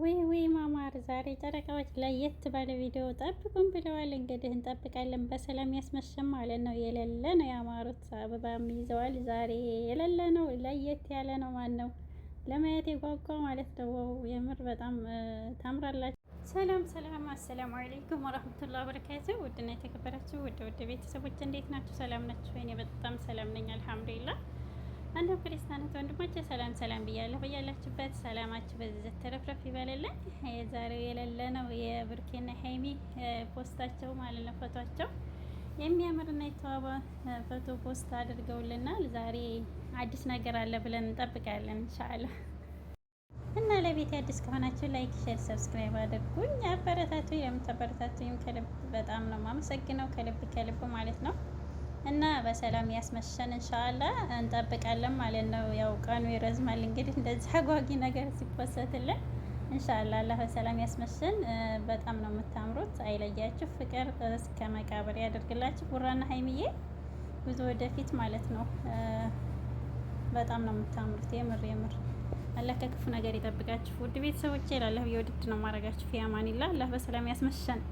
ወይ ወይ ማማር ዛሬ ጨረቃዎች ለየት ባለ ቪዲዮ ጠብቁን ብለዋል። እንግዲህ እንጠብቃለን። በሰላም ያስመሸም ማለት ነው። የሌለ ነው ያማሩት አበባም ይዘዋል። ዛሬ የሌለ ነው፣ ለየት ያለ ነው። ማን ነው ለማየት የጓጓ ማለት ነው። የምር በጣም ታምራላችሁ። ሰላም ሰላም፣ አሰላሙ አለይኩም ወራህመቱላሂ በረካቱ። ውድና የተከበራችሁ ውድ ውድ ቤተሰቦች እንዴት ናችሁ? ሰላም ናችሁ? እኔ በጣም ሰላም ነኝ አልሐምዱሊላህ አንዱም ክርስቲያኖች ወንድሞች ሰላም ሰላም ብያለሁ። በያላችሁበት ሰላማችሁ በዚህ ተረፍረፍ ይበለልን። የዛሬው የሌለ ነው የብሩኬና ሀይሚ ፖስታቸው ማለት ነው ፎቷቸው የሚያምርና የተዋበ ፎቶ ፖስት አድርገውልናል። ዛሬ አዲስ ነገር አለ ብለን እንጠብቃለን ኢንሻአላህ። እና ለቤት አዲስ ከሆናችሁ ላይክ፣ ሼር፣ ሰብስክራይብ አድርጉኝ። አበረታቱ። የምታበረታቱኝም ከልብ በጣም ነው ማመሰግነው ከልብ ከልብ ማለት ነው እና በሰላም ያስመሸን እንሻላ እንጠብቃለን ማለት ነው። ያው ቀኑ ይረዝማል እንግዲህ እንደዚህ አጓጊ ነገር ሲፖሰትልን እንሻላ አላህ በሰላም ያስመሸን። በጣም ነው የምታምሩት፣ አይለያችሁ። ፍቅር እስከ መቃብር ያደርግላችሁ። ቡራና ሀይሚዬ ብዙ ወደፊት ማለት ነው። በጣም ነው የምታምሩት፣ የምር የምር። አላህ ከክፉ ነገር ይጠብቃችሁ። ውድ ቤተሰቦቼ ላለሁ የውድድ ነው ማድረጋችሁ። ፊያማኒላ አላህ በሰላም ያስመሸን።